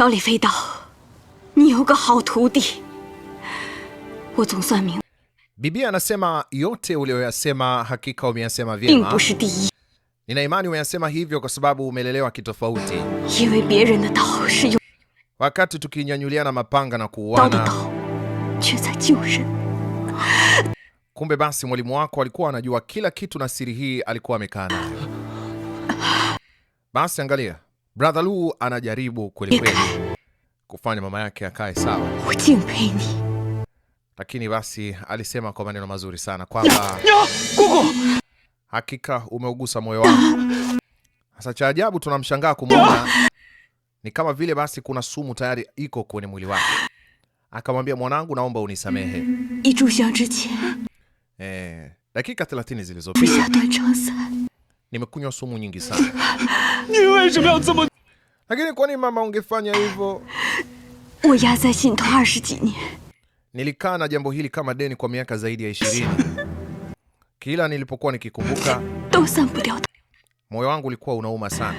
老李飞刀，你有个好徒弟，我总算明。Bibia anasema yote uliyoyasema hakika umeyasema vyema. Nina imani umeyasema hivyo kwa sababu umelelewa kitofauti. Wakati tukinyanyuliana mapanga na kuuana, kumbe basi mwalimu wako alikuwa anajua kila kitu na siri hii alikuwa amekana. Basi angalia Brother Lu anajaribu kweli kweli kufanya mama yake akae sawa, lakini basi alisema kwa maneno mazuri sana kwamba hakika umeugusa moyo wangu. Sasa cha ajabu tunamshangaa kumwona ni kama vile basi kuna sumu tayari iko kwenye mwili wake. Akamwambia, mwanangu, naomba unisamehe. Eh, dakika 30 zilizopita nimekunywa sumu nyingi sana. Lakini kwani mama ungefanya hivyo? Nilikaa na jambo hili kama deni kwa miaka zaidi ya ishirini. Kila nilipokuwa nikikumbuka, moyo wangu ulikuwa unauma sana.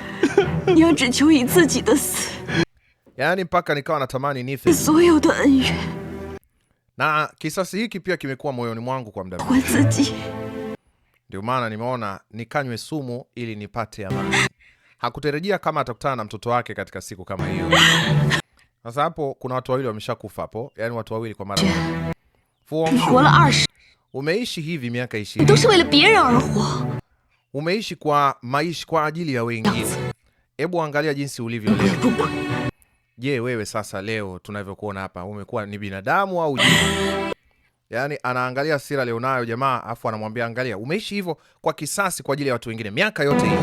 Yaani mpaka nikawa natamani nife. Na kisasi hiki pia kimekuwa moyoni mwangu kwa muda mrefu. Ndio maana nimeona nikanywe sumu ili nipate amani. Hakutarajia kama atakutana na mtoto wake katika siku kama hiyo. Sasa hapo kuna watu wawili wameshakufa hapo, yani watu wawili kwa mara moja. Umeishi hivi miaka 20. Umeishi kwa maisha kwa ajili ya wengine. Hebu angalia jinsi ulivyo leo. Je, wewe sasa leo tunavyokuona hapa umekuwa ni binadamu au yani anaangalia sira alionayo jamaa, afu anamwambia angalia, umeishi hivyo kwa kisasi kwa ajili ya watu wengine miaka yote hii.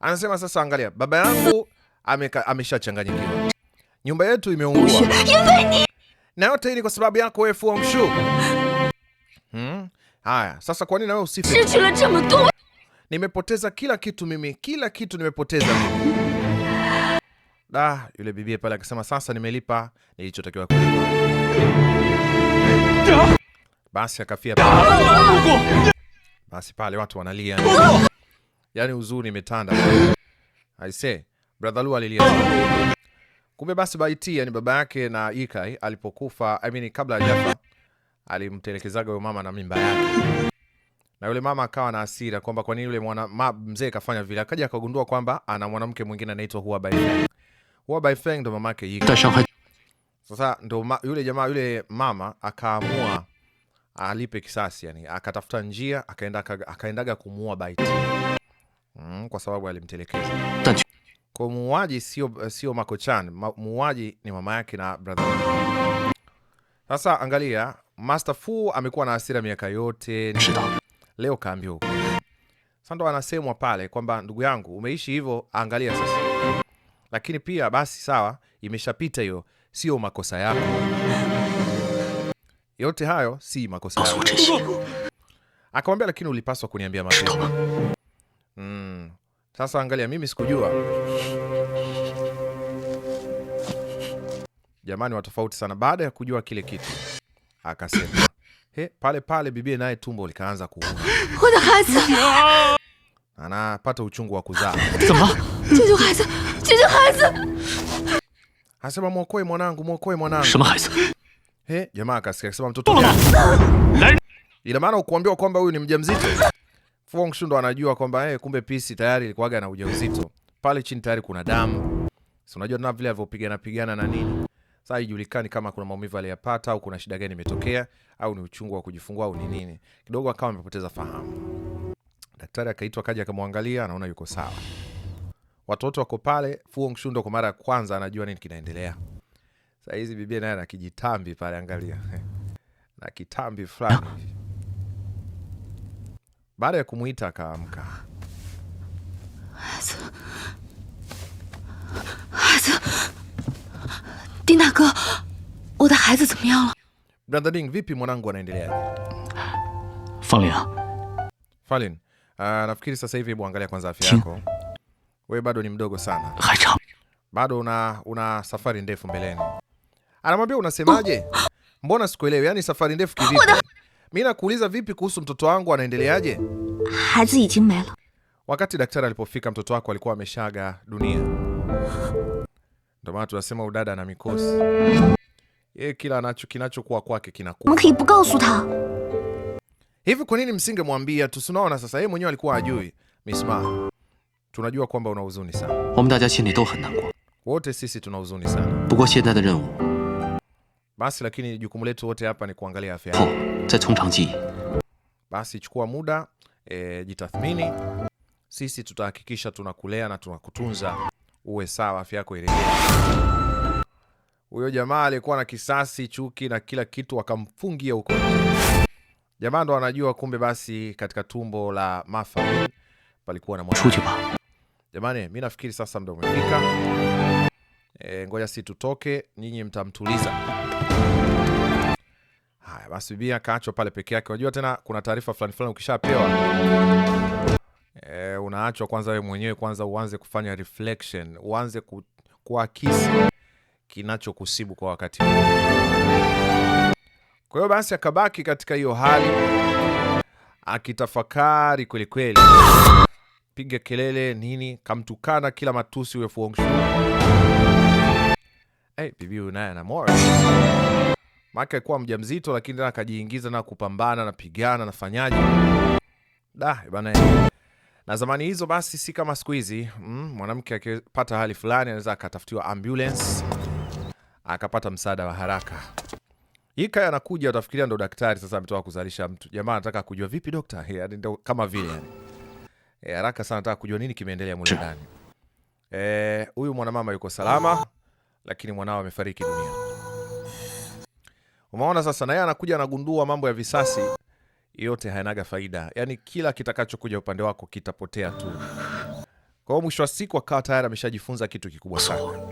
Anasema sasa, angalia, baba yangu ameshachanganyikiwa, nyumba yetu imeungua, na yote hii ni kwa sababu yako wewe Fu Hongxue. Hmm? Haya, sasa kwa nini na wewe usife? Nimepoteza kila kitu mimi, kila kitu nimepoteza Da, yule bibie pale akasema sasa nimelipa nilichotakiwa kulipa. Basi akafia Basi pale watu wanalia. Yaani huzuni imetanda. I say, brother Lu alilia. Kumbe basi Baiti, yani baba yake na Ikai eh, alipokufa, I mean kabla hajafa, alimtelekezaga yule mama na mimba yake. Na yule mama akawa na hasira kwamba kwa nini yule mwana ma, mzee kafanya vile. Akaja akagundua kwamba ana mwanamke mwingine anaitwa huwa Baifeng. huwa Baifeng ndo mamake Ikai. Sasa ndo ma, yule jamaa yule mama akaamua alipe kisasi yani, akatafuta njia akaenda akaendaga kumuua Baiti mm, kwa sababu alimtelekeza. Kwa muuaji sio sio Makochan, muuaji ni mama yake na brother. Sasa angalia, Master Fu amekuwa na hasira miaka yote, leo kaambia huko. Sasa ndo anasemwa pale kwamba ndugu yangu, umeishi hivyo, angalia sasa. Lakini pia basi sawa, imeshapita hiyo sio makosa yako. Yote hayo si makosa yako. Akamwambia, lakini ulipaswa kuniambia mapema. Mm. Sasa angalia, mimi sikujua. Jamani, wa tofauti sana. Baada ya kujua kile kitu akasema he, pale pale bibie naye tumbo likaanza kuuma, anapata uchungu wa kuzaa Asema mwokoe mwanangu, mwokoe mwanangu. He, eh, jamaa akasikia akisema mtoto gani? Ina maana ukuambiwa kwamba huyu ni mjamzito. Fong Shu ndo anajua kwamba eh, kumbe pisi tayari ilikuwaga na ujauzito. Pale chini tayari kuna damu. Si unajua na vile alivyopigana pigana na nini. Sasa ijulikani kama kuna maumivu aliyapata au kuna shida gani imetokea au ni uchungu wa kujifungua au ni nini. Kidogo akawa amepoteza fahamu. Daktari akaitwa, kaja akamwangalia, anaona yuko sawa watoto wako pale. Fu Hongxue ndo kwa mara ya kwanza anajua nini kinaendelea. Saa hizi bibi naye anakijitambi pale, angalia na kitambi fulani. Baada ya kumwita akaamka. Brother Ding, vipi mwanangu, anaendelea Falin, ah, nafikiri sasa hivi hebu angalia kwanza afya yako wewe bado ni mdogo sana, bado una, una safari ndefu mbeleni. Anamwambia unasemaje? Mbona sikuelewi? Yani safari ndefu kivipi? Mi nakuuliza vipi kuhusu mtoto wangu, anaendeleaje? Wakati daktari alipofika, mtoto wako alikuwa ameshaga dunia. Ndio maana tunasema udada na mikosi yeye, kila anacho kinachokuwa kwake kinakuwa hivi. Kwa nini msingemwambia tu? Unaona sasa, yeye mwenyewe alikuwa ajui. Misma tunajua kwamba una huzuni sana. Wote sisi tuna huzuni sana. Basi lakini jukumu letu wote hapa ni kuangalia afya yako. Basi chukua muda e, jitathmini. Sisi tutahakikisha tunakulea na tunakutunza uwe sawa, afya yako irejee. Huyo jamaa alikuwa na kisasi, chuki na kila kitu, akamfungia huko. Jamaa ndo anajua kumbe, basi katika tumbo la mafa palikuwa na mwana Jamani, mi nafikiri sasa muda umefika. E, ngoja si tutoke, nyinyi mtamtuliza. Haya basi, bibi akaachwa pale peke yake. Unajua tena kuna taarifa fulani fulani ukishapewa e, unaachwa kwanza wewe mwenyewe kwanza uanze kufanya reflection, uanze ku, kuakisi kinachokusibu kwa wakati huu. Kwa hiyo basi akabaki katika hiyo hali akitafakari kwelikweli piga kelele nini, kamtukana kila matusi huyo Fu Hongxue. Hey, bibi naye anamora maake alikuwa mjamzito, lakini tena akajiingiza na kupambana napigana pigana na da bana. Na zamani hizo basi si kama siku hizi mm, mwanamke akipata hali fulani anaweza akatafutiwa ambulance akapata msaada wa haraka. Hii kaya anakuja, utafikiria ndo daktari sasa ametoka kuzalisha mtu. Jamaa anataka kujua vipi dokta, yani kama vile yani E, haraka sana nataka kujua nini kimeendelea mule ndani. Eh, huyu mwanamama yuko salama lakini mwanao amefariki dunia. Umeona sasa, na yeye anakuja anagundua mambo ya visasi yote hayanaga faida, yaani kila kitakachokuja upande wako kitapotea tu. Kwa hiyo mwisho wa siku akawa tayari ameshajifunza kitu kikubwa sana,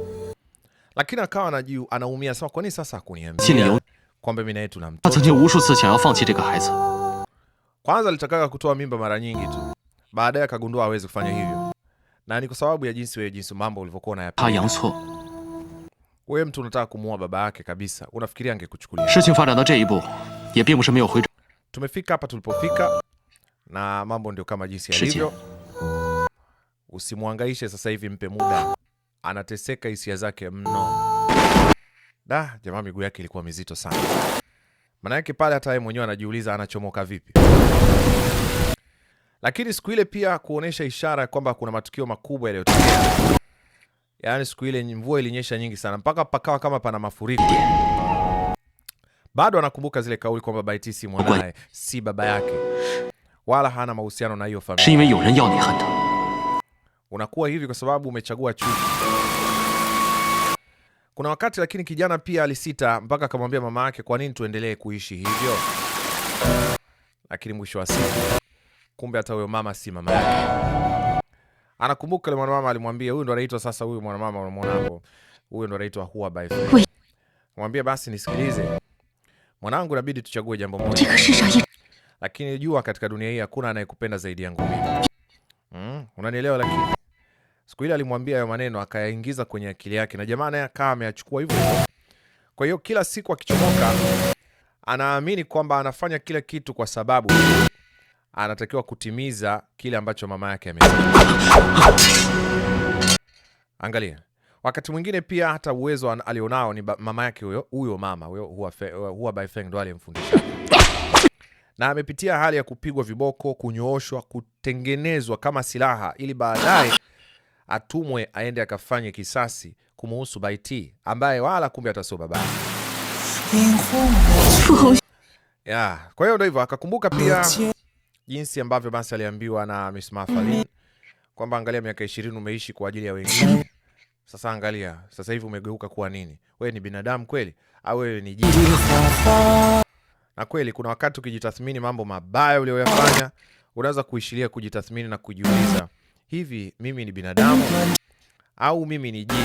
lakini akawa anaji anaumia sana. Kwa nini sasa hakuniambia kwamba mimi na yeye tuna mtoto? Kwanza alitakaga kutoa mimba mara nyingi tu Baadaye akagundua hawezi kufanya hivyo, na ni kwa sababu ya jinsi wewe, jinsi mambo ulivyokuwa unayapanga. Wewe mtu unataka kumuua baba yake kabisa, unafikiria angekuchukulia? Tumefika hapa tulipofika, na mambo ndio kama jinsi yalivyo. Usimwangaishe sasa hivi, mpe muda, anateseka hisia zake mno. Da, jamaa miguu yake ilikuwa mizito sana, maana yake pale hata yeye mwenyewe anajiuliza anachomoka vipi lakini siku ile pia kuonesha ishara kwamba kuna matukio makubwa yaliyotokea. Yaani siku ile mvua ilinyesha nyingi sana mpaka pakawa kama pana mafuriko. Bado anakumbuka zile kauli kwamba Baiti si mwanaye, si baba yake, wala hana mahusiano na hiyo familia. Unakuwa hivi kwa sababu umechagua chuki. Kuna wakati lakini kijana pia alisita mpaka akamwambia mama yake, kwa nini tuendelee kuishi hivyo? Lakini mwisho wa siku kumbe hata huyo mama si mama yake. Anakumbuka yule mwanamama alimwambia, huyu ndo anaitwa sasa, huyu mwanamama unamwona hapo, huyu ndo anaitwa Hua Bai. Mwambie basi, nisikilize mwanangu, inabidi tuchague jambo moja, lakini jua katika dunia hii hakuna anayekupenda zaidi yangu mimi. Mm, unanielewa? Lakini siku ile alimwambia hayo maneno akayaingiza kwenye akili yake, na jamaa naye akaa ameyachukua hivyo. Kwa hiyo kila siku akichomoka, anaamini kwamba anafanya kila kitu kwa sababu anatakiwa kutimiza kile ambacho mama yake ame Angalia, wakati mwingine pia hata uwezo alionao ni mama yake huyo huyo, mama huyo Hua eh, Baifeng ndo aliyemfundisha, na amepitia hali ya kupigwa viboko, kunyooshwa, kutengenezwa kama silaha ili baadaye atumwe aende akafanye kisasi kumuhusu Baiti ambaye wala kumbe atasio baba ya. Kwa hiyo ndo hivyo akakumbuka pia jinsi ambavyo basi aliambiwa na Miss Mafalin mm-hmm. kwamba angalia, miaka ishirini umeishi kwa ajili ya wengine, sasa angalia sasa hivi umegeuka kuwa nini? Wewe ni binadamu kweli au wewe ni jini? Na kweli kuna wakati ukijitathmini mambo mabaya uliyoyafanya unaweza kuishilia kujitathmini na kujiuliza, hivi mimi ni binadamu au mimi ni jini?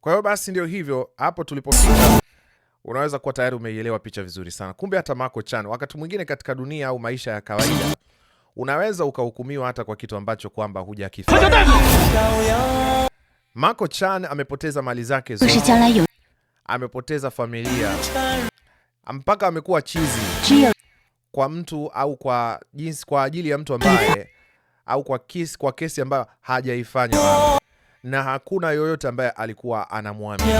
Kwa hiyo basi ndio hivyo hapo tulipofika unaweza kuwa tayari umeielewa picha vizuri sana. Kumbe hata Mako Chan, wakati mwingine katika dunia au maisha ya kawaida unaweza ukahukumiwa hata kwa kitu ambacho kwamba hujakifanya. Mako Chan amepoteza mali zake zote, amepoteza familia, mpaka amekuwa chizi kwa mtu au kwa jinsi, kwa ajili ya mtu ambaye au kwa kesi, kwa kesi ambayo hajaifanya na hakuna yoyote ambaye alikuwa anamwamini.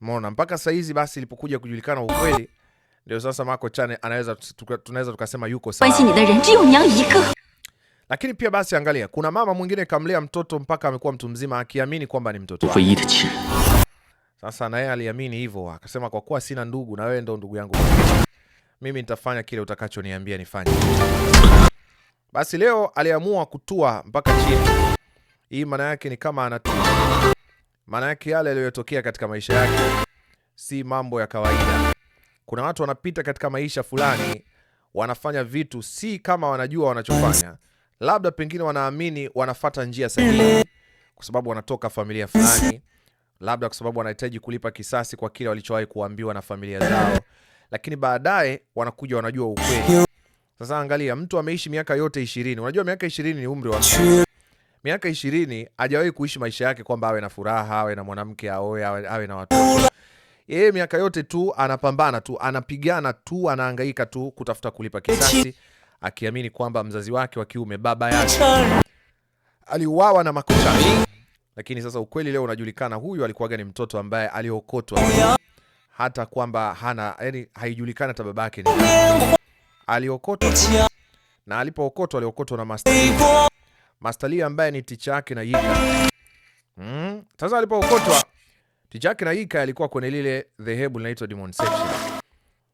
Mona, mpaka saa hizi basi ilipokuja kujulikana ukweli ndio sasa Marco Chan anaweza tunaweza tukasema yuko sawa. Lakini pia basi angalia, kuna mama mwingine kamlea mtoto mpaka amekuwa mtu mzima akiamini kwamba ni mtoto. Sasa na yeye aliamini hivyo, akasema kwa kuwa sina ndugu na wewe ndo ndugu yangu. Mimi nitafanya kile utakachoniambia nifanye. Basi leo aliamua kutua mpaka chini. Hii maana yake ni kama anatua maana yake yale yaliyotokea katika maisha yake si mambo ya kawaida. Kuna watu wanapita katika maisha fulani, wanafanya vitu si kama wanajua wanachofanya, labda pengine wanaamini wanafata njia sahihi, kwa sababu wanatoka familia fulani, labda kwa sababu wanahitaji kulipa kisasi kwa kile walichowahi kuambiwa na familia zao, lakini baadaye wanakuja wanajua ukweli. Sasa angalia, mtu ameishi miaka yote ishirini. Unajua miaka ishirini ni umri wa miaka ishirini hajawahi kuishi maisha yake kwamba awe na furaha, awe na mwanamke, aoe, awe na watoto. Yeye miaka yote tu anapambana tu, anapigana tu, anaangaika tu kutafuta kulipa kisasi, akiamini kwamba mzazi wake wa kiume, baba yake, aliuawa na makucha. Lakini sasa ukweli leo unajulikana, huyu alikuwaga ni mtoto ambaye aliokotwa hata kwamba hana yani, haijulikani hata yake ni aliokotwa, na alipookotwa aliokotwa na master Master Lee ambaye ni ticha yake na Yika. Mm. Sasa alipookotwa ticha yake na Yika alikuwa kwenye lile dhehebu linaloitwa Demon Section.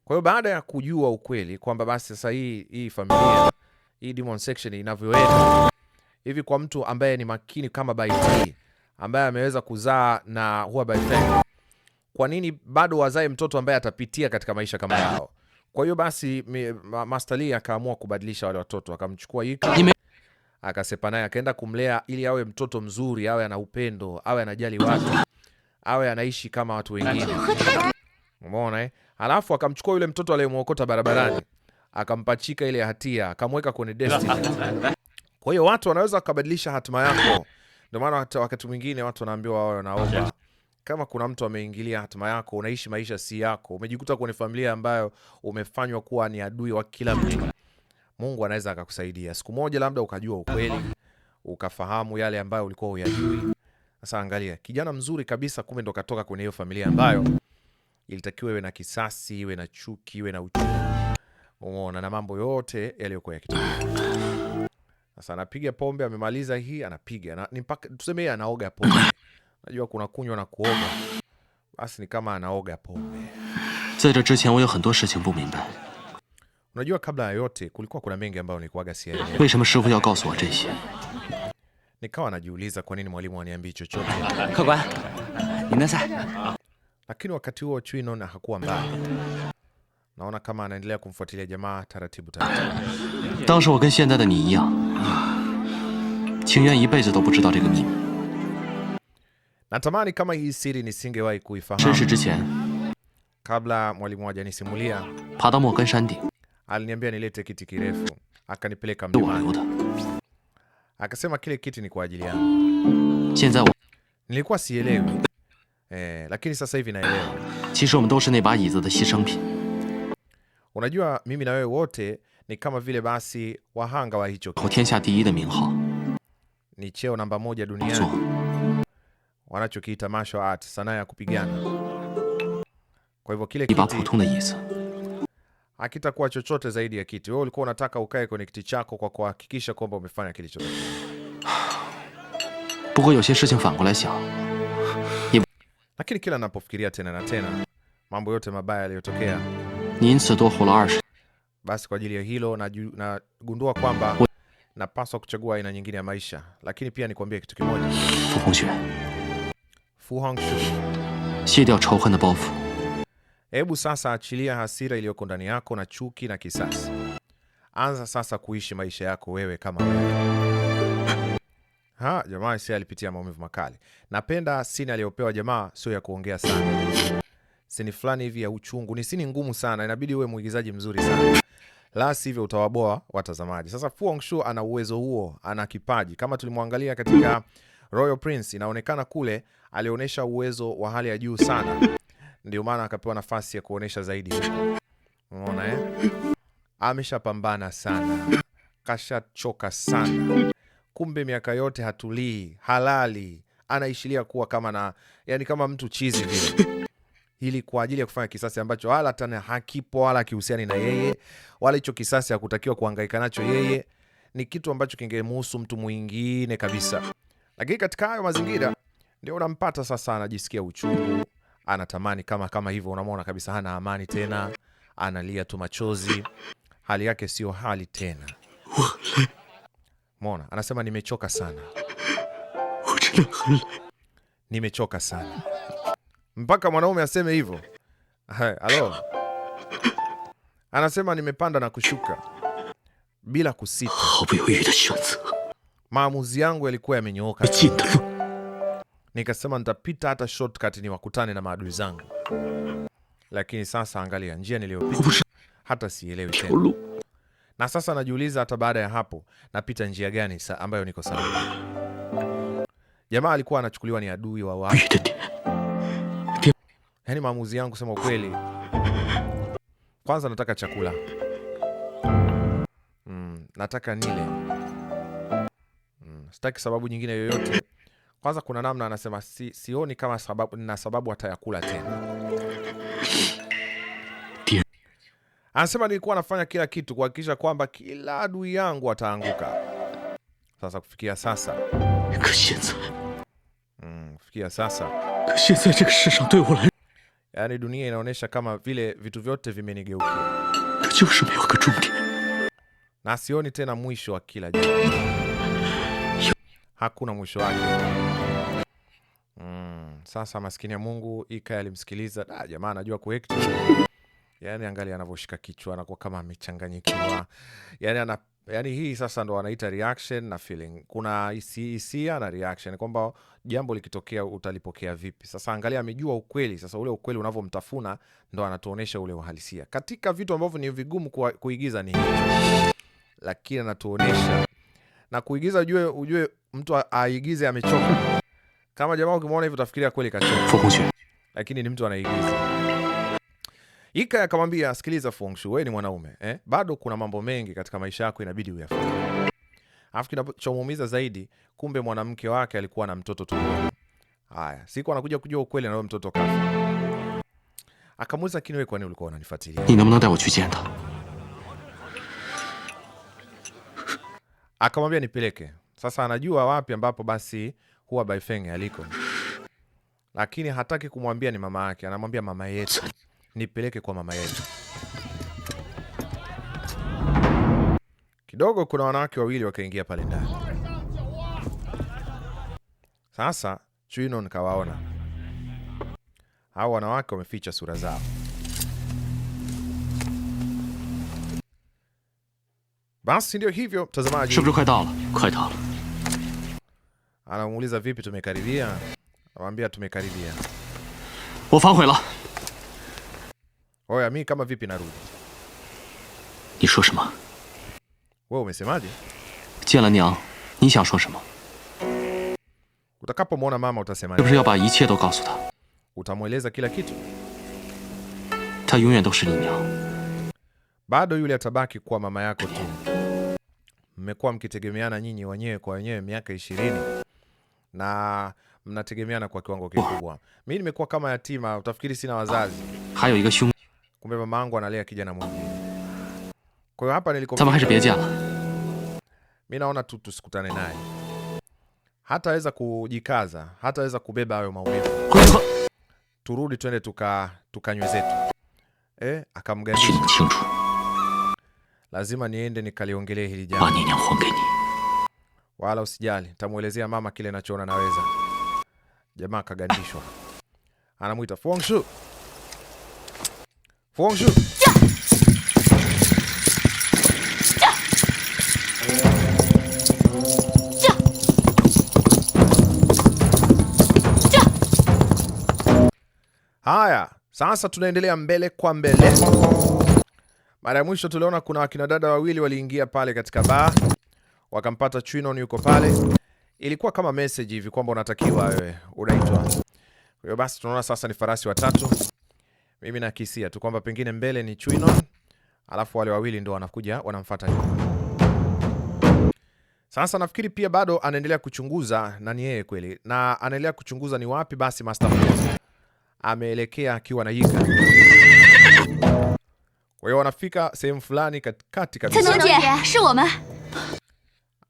Kwa hiyo baada ya kujua ukweli kwamba basi sasa hii hii familia hii Demon Section inavyoenda hivi kwa mtu ambaye ni makini kama Baiti ambaye ameweza kuzaa na huwa Baiti. Kwa nini bado wazae mtoto ambaye atapitia katika maisha kama yao? Kwa hiyo basi Master Lee akaamua kubadilisha wale watoto, akamchukua Yika akasepa naye akaenda kumlea ili awe mtoto mzuri, awe ana upendo, awe anajali watu, awe anaishi kama watu wengine, umeona eh? Alafu akamchukua yule mtoto aliyemuokota barabarani akampachika ile hatia akamweka kwenye destiny. Kwa hiyo watu wanaweza kubadilisha hatima yako. Ndio maana hata wakati mwingine watu wanaambiwa wao wanaomba kama kuna mtu ameingilia hatima yako, unaishi maisha si yako, umejikuta kwenye familia ambayo umefanywa kuwa ni adui wa kila mtu, Mungu anaweza akakusaidia siku moja, labda ukajua ukweli, ukafahamu yale ambayo ulikuwa uyajui. Sasa angalia, kijana mzuri kabisa, kumbe ndo katoka kwenye hiyo familia ambayo ilitakiwa iwe na kisasi, iwe na chuki, iwe na uchungu, umeona, na mambo yote yaliyokuwa yakitokea. Sasa anapiga pombe, amemaliza hii, anapiga na mpaka tuseme yeye anaoga pombe. Najua kuna kunywa na kuoga, basi ni kama anaoga pombe. Unajua, kabla ya yote kulikuwa kuna mengi ambayo nilikuwaga siyaelewi. Nikawa najiuliza kwa nini mwalimu aniambie chochote, lakini wakati huo chui naona hakuwa mbaya, naona kama anaendelea kumfuatilia jamaa taratibu taratibu. Natamani kama hii siri nisingewahi kuifahamu kabla mwalimu hajanisimulia aliniambia nilete kiti kirefu, akanipeleka mlimani, akasema kile kiti ni kwa ajili yangu. Nilikuwa sielewi eh, lakini sasa hivi naelewa. Unajua, mimi na wewe wote ni kama vile basi wahanga wa hicho ni cheo namba moja duniani wanachokiita martial art, sanaa ya kupigana. Kwa hivyo kile kiti hakitakuwa chochote zaidi ya kiti. Wewe ulikuwa unataka ukae kwenye kiti chako kwa kuhakikisha kwamba umefanya kilichotakiwa. Lakini kila napofikiria tena na tena mambo yote mabaya yaliyotokea, basi kwa ajili ya hilo nagundua na kwamba napaswa kuchagua aina nyingine ya maisha. Lakini pia nikuambia kitu kimoja, Fu Hongxue, Hebu sasa achilia hasira iliyoko ndani yako na chuki na kisasi. Anza sasa kuishi maisha yako wewe kama wewe. Ha, jamaa si alipitia maumivu makali. Napenda sini aliyopewa jamaa sio ya kuongea sana. Sini fulani hivi ya uchungu, ni sini ngumu sana, inabidi uwe mwigizaji mzuri sana. La sivyo utawaboa watazamaji. Sasa Fu Hongxue ana uwezo huo, ana kipaji. Kama tulimwangalia katika Royal Prince, inaonekana kule alionyesha uwezo wa hali ya juu sana ndio maana akapewa nafasi ya kuonesha zaidi huko. Unaona eh? Ameshapambana sana, kashachoka sana, kumbe miaka yote hatulii halali, anaishilia kuwa kama na yani kama mtu chizi vile, ili kwa ajili ya kufanya kisasi ambacho wala tena hakipo wala kihusiani na yeye, wala hicho kisasi hakutakiwa kuhangaika nacho yeye, ni kitu ambacho kingemhusu mtu mwingine kabisa. Lakini katika hayo mazingira ndio unampata sasa, anajisikia uchungu anatamani kama kama hivyo, unamwona kabisa hana amani tena, analia tu machozi, hali yake sio hali tena. Mona anasema nimechoka sana, nimechoka sana mpaka mwanaume aseme hivyo. Halo, anasema nimepanda na kushuka bila kusita, maamuzi yangu yalikuwa yamenyooka nikasema nitapita hata shortcut wakutane na maadui zangu, lakini sasa angalia njia niliyopita hata sielewi tena, na sasa najiuliza hata baada ya hapo napita njia gani sa ambayo niko salama. Jamaa alikuwa anachukuliwa ni adui wa watu. Yani maamuzi yangu sema ukweli, kwanza nataka chakula mm, nataka nile mm, sitaki sababu nyingine yoyote kwanza kuna namna anasema si, sioni kama sababu, na sababu atayakula tena. Anasema nilikuwa nafanya kila kitu kuhakikisha kwamba kila adui yangu ataanguka. Sasa kufikia sasa mm, kufikia sasa yaani dunia inaonyesha kama vile vitu vyote vimenigeukia na sioni tena mwisho wa kila jambo hakuna mwisho wake. Mm, sasa maskini ya Mungu Ika alimsikiliza. Da, jamaa anajua kuact. Yaani angali anavyoshika kichwa anakuwa kama amechanganyikiwa. Yaani ana yaani hii sasa ndo anaita reaction na feeling. Kuna hisia na reaction kwamba jambo likitokea utalipokea vipi. Sasa angalia amejua ukweli. Sasa ule ukweli unavyomtafuna ndo anatuonesha ule uhalisia. Katika vitu ambavyo ni vigumu kuigiza ni hicho. Lakini anatuonesha na kuigiza ujue ujue mtu aigize amechoka. Kama jamaa ukimwona hivyo utafikiria kweli kachoka, lakini ni mtu anaigiza. Ika akamwambia, sikiliza Fu Hongxue, wewe ni mwanaume eh? Bado kuna mambo mengi katika maisha yako inabidi uyafanye. Alafu kinachomuumiza zaidi, kumbe mwanamke wake alikuwa na mtoto tu. Haya, siku anakuja kujua ukweli na yule mtoto kafa. Akamuuliza, lakini wewe kwa nini ulikuwa unanifuatilia? Akamwambia, nipeleke sasa anajua wapi ambapo basi huwa Baifeng aliko, lakini hataki kumwambia ni mama yake. Anamwambia mama yetu, nipeleke kwa mama yetu. Kidogo kuna wanawake wawili wakaingia pale ndani. Sasa Chuinon kawaona hao wanawake wameficha sura zao. Basi ndio hivyo mtazamaji. Anamuuliza vipi, tumekaribia? Anamwambia tumekaribia. Wafaela. Oya, mi kama vipi narudi. shima. Wewe umesemaje? Jiala niang, ni xiang shuo shema? Utakapomwona mama utasema nini? Yaba ichie do gaosu ta. Utamweleza kila kitu. Ta yongyan dou shi ni niang. Bado yule atabaki kuwa mama yako tu. Mmekuwa mkitegemeana nyinyi wenyewe kwa wenyewe miaka ishirini na mnategemeana kwa kiwango kikubwa. Mi nimekuwa kama yatima, utafikiri sina wazazi, kumbe mama angu analea kijana mwingine. Kwa hiyo hapa niliko, mimi naona tu tusikutane naye, hataweza kujikaza, hataweza kubeba hayo maumivu. Turudi twende tuka tukanywe zetu. Eh, akamgandisha lazima niende nikaliongelea hili jambo wala usijali, nitamuelezea mama kile nachoona naweza. Jamaa kagandishwa, anamwita Fuangshu, Fuangshu. Haya, sasa tunaendelea mbele kwa mbele. Mara ya mwisho tuliona kuna wakina dada wawili waliingia pale katika baa wakampata Chinon yuko pale, ilikuwa kama message hivi kwamba unatakiwa wewe unaitwa. Kwa hiyo basi tunaona sasa ni farasi watatu. Mimi nakisia tu kwamba pengine mbele ni Chino, alafu wale wawili ndio wanakuja wanamfuata nyuma. Sasa nafikiri pia bado anaendelea kuchunguza na ni yeye kweli, na anaendelea kuchunguza ni wapi basi Master Force ameelekea akiwa na Yika. Kwa hiyo wanafika sehemu fulani katikati kabisa.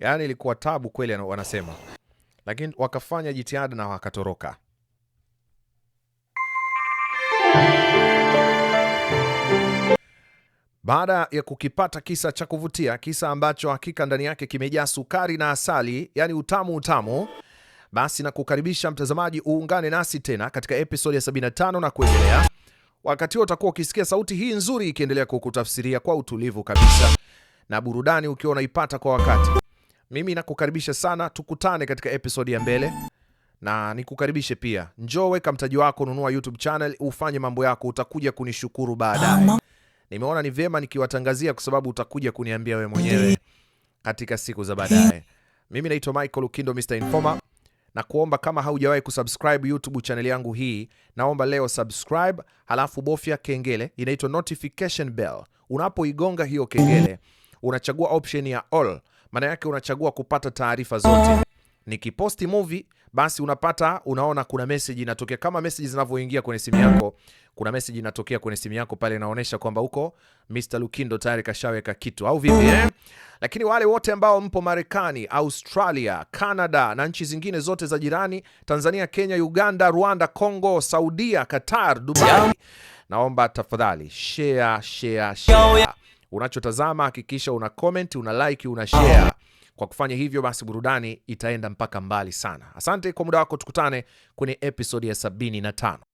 yani ilikuwa tabu kweli, wanasema, lakini wakafanya jitihada na wakatoroka. Baada ya kukipata kisa cha kuvutia, kisa ambacho hakika ndani yake kimejaa sukari na asali, yani utamu utamu, basi na kukaribisha mtazamaji uungane nasi tena katika episodi ya 75 na kuendelea. Wakati huo utakuwa ukisikia sauti hii nzuri ikiendelea kukutafsiria kwa utulivu kabisa na burudani ukiwa unaipata kwa wakati. Mimi nakukaribisha sana, tukutane katika episodi ya mbele, na nikukaribishe pia, njoo weka mtaji wako, nunua YouTube channel, ufanye mambo yako, utakuja kunishukuru baadaye. Nimeona ni vyema nikiwatangazia, kwa sababu utakuja kuniambia wewe mwenyewe katika siku za baadaye. Mimi naitwa Michael Lukindo, Mr Informer na kuomba kama haujawahi kusubscribe YouTube channel yangu hii, naomba leo subscribe, halafu bofya kengele inaitwa notification bell. Unapoigonga hiyo kengele, unachagua option ya all maana yake unachagua kupata taarifa zote. Nikiposti movie basi unapata unaona, kuna message inatokea kama message zinavyoingia kwenye simu yako, kuna message inatokea kwenye simu yako pale, inaonyesha kwamba huko Mr Lukindo tayari kashaweka kitu au vipi eh? Lakini wale wote ambao mpo Marekani, Australia, Canada na nchi zingine zote za jirani, Tanzania, Kenya, Uganda, Rwanda, Congo, Saudia, Qatar, Dubai, naomba tafadhali share, share, share unachotazama, hakikisha una comment, una like, una share. Kwa kufanya hivyo basi burudani itaenda mpaka mbali sana. Asante kwa muda wako, tukutane kwenye episodi ya 75.